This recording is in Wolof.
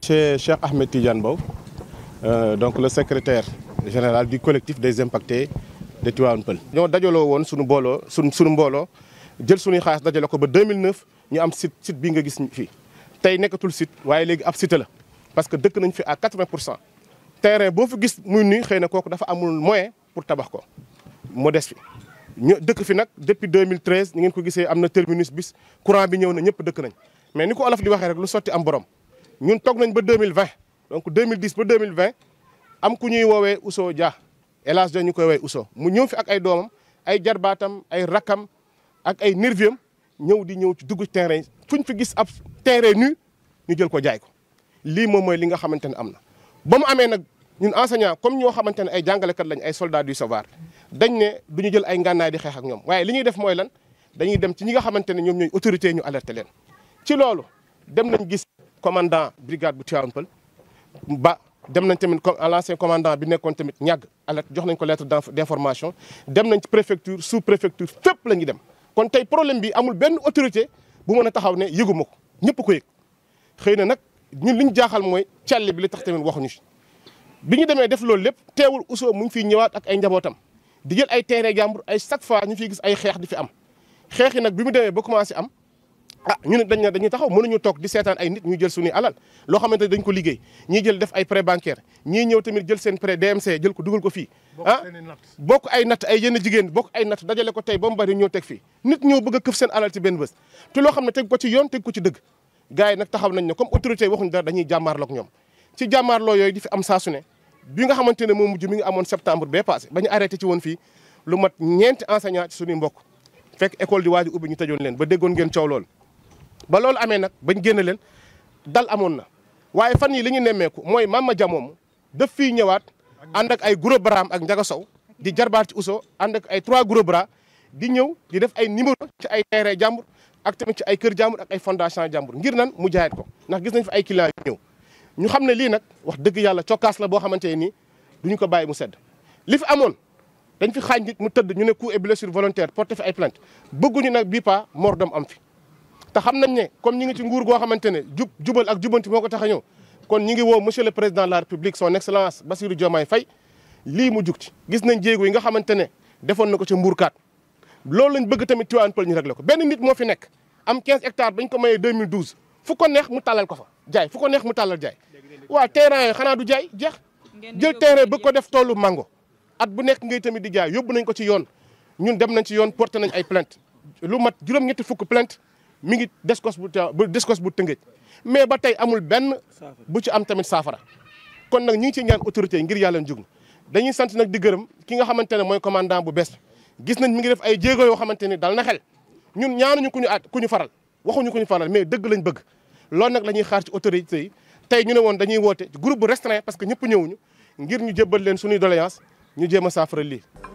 Chez Cheikh Ahmed Tidiane Baw, euh, donc le secrétaire général du collectif des impactés de Tivaouane Peulh. ñoo dajaloo woon suñu booloo suñ suñu mbooloo jël suñuy xaalis dajale ko ba 2009 ñu am site sit bi nga gis fii tey nekkatul site waaye léegi ab site la parce que dëkk nañ fi à 80 pour cent terrain boo fi gis muy nuy xëy na kooku dafa amul moyen pour tabax ko mu des fi ñu dëkk fi nag depuis 2013 ni ngeen ko gisee am na terminus bis courant bi ñëw na ñëpp dëkk nañ mais ni ko olof di waxee rek lu sotti am borom ñun toog nañ ba 2020 donc 2010 ba 2020 am ku ñuy woowee Ousso Dia El Hadj ñu koy woowee Ousso mu ñëw fi ak ay doomam ay jarbaatam ay rakkam ak ay nervium ñëw di ñëw ci dugg terrain fu ñu fi gis ab terrain nu ñu jël ko jaay ko lii moom mooy li nga xamante ne am na ba mu amee nag ñun enseignant comme ñoo xamante ne ay jàngalekat lañ ay soldats du savoir dañ ne du ñu jël ay ngànnaay di xeex ak ñoom waaye li ñuy def mooy lan dañuy dem ci ñi nga xamante ne ñoom ñooy autorité ñu alerté leen ci loolu dem nañ gis commandant brigade bu Tivaouane Peulh ba dem nañ tamit l'ancien commandant bi nekkoon tamit ñàgg alerte jox nañ ko lettre d'information dem nañ ci préfecture sous préfecture fépp la ñuy dem kon tey problème bi amul benn autorité bu mën a taxaw ne yëguma ko ñëpp ko yëg xëy na nag ñun li jaaxal mooy càll bi li tax tamit waxuñu si bi ñu demee def loolu lépp teewul usoo mu ngi fiy ñëwaat ak ay njabootam di jël ay terrain jàmbur ay chaque fois ñu fiy gis ay xeex di fi am xeex yi nag bi mu demee ba commencé am ah ñu ne dañ ne dañuy taxaw mënuñu toog di seetaan ay nit ñu jël suñuy alal loo xamante dañ ko liggéey ñii jël def ay prêt bancaire ñii ñëw tamit jël seen prêt DMC jël ko dugal ko fii ah bokk ay nat ay yenn jigéen bokk ay nat dajale ko tey ba mu bari ñëw teg fi nit ñoo bëgg a këf seen alal ci benn bés te loo xam ne teg ko ci yoon teg ko ci dëgg gars yi nag taxaw nañ ne comme autorité yi waxuñu dara dañuy jàmmaarloog ñoom ci jàmmaarloo am saa bi nga xamante ne mu mujj mi ngi amoon septembre bee passé ba ñu arrêté ci woon fii lu mat ñeent enseignant ci suñuy mbokk fekk école di waaj ubbi ñu tëjoon leen ba déggoon geen coow loolu ba loolu amee nag bañ génn leen dal amoon na waaye fan yi li ñu nemmeeku mooy Mama ma moom daf fii ñëwaat ànd ak ay gros bras ak Ndiaga Sow di jarbaar ci Ousso ànd ak ay trois gros bras di ñëw di def ay numéro ci ay terrain jàmbur ak tamit ci ay kër jàmbur ak ay fondation jàmbur ngir nan mu jaayat ko ndax gis nañ fi ay clients yu ñu xam ne lii nag wax dëgg yàlla cokkaas la boo xamante ne nii du ñu ko bàyyi mu sedd li fi amoon dañ fi xaañ nit mu tëdd ñu ne coup et blessure volontaire porté fi ay bëgguñu nag bipa pas mort am fi te xam nañ ne comme ñi ngi ci nguur goo xamante ne jub jubal ak jubanti moo ko tax a ñëw kon ñi ngi woo monsieur le président de la république son excellence Bassirou Diomaye Faye lii mu jug ci gis nañ jéego yi nga xamante ne defoon na ko ca mbuurkaat loolu lañ bëgg tamit Tivaouane Peulh ñu réglé ko benn nit moo fi nekk am 15 hectares bañ ko mayee 2012 fu neex mu tàllal ko fa jaay fu neex mu tàllal jaay waa terrain xanaa du jaay jeex jël terrain bëgg ko def toolu mango at bu nekk ngay tamit di jaay yóbbu nañ ko ci yoon ñun dem nañ ci yoon porté nañ ay plainte lu mat juróom-ñetti fukk plant mi ngi descos bu bu descos bu tëngëj mais ba tey amul benn bu ci am tamit saafara kon nag ñu ngi ci ñaan autorité ngir yàlla jug dañuy sant nag di gërëm ki nga xamante ne mooy commandant bu bees gis nañ mi ngi def ay jéego yoo xamante ni dal na xel ñun ñaanuñu ku ñu at ku ñu faral waxuñu ko ñu faral mais dëgg lañ bëgg loolu nag la ñuy xaar ci autorités tey ñu ne woon dañuy woote groupe bu restreint parce que ñëpp ñëwuñu ngir ñu jébbal leen suñuy doléance ñu jéem a saafara lii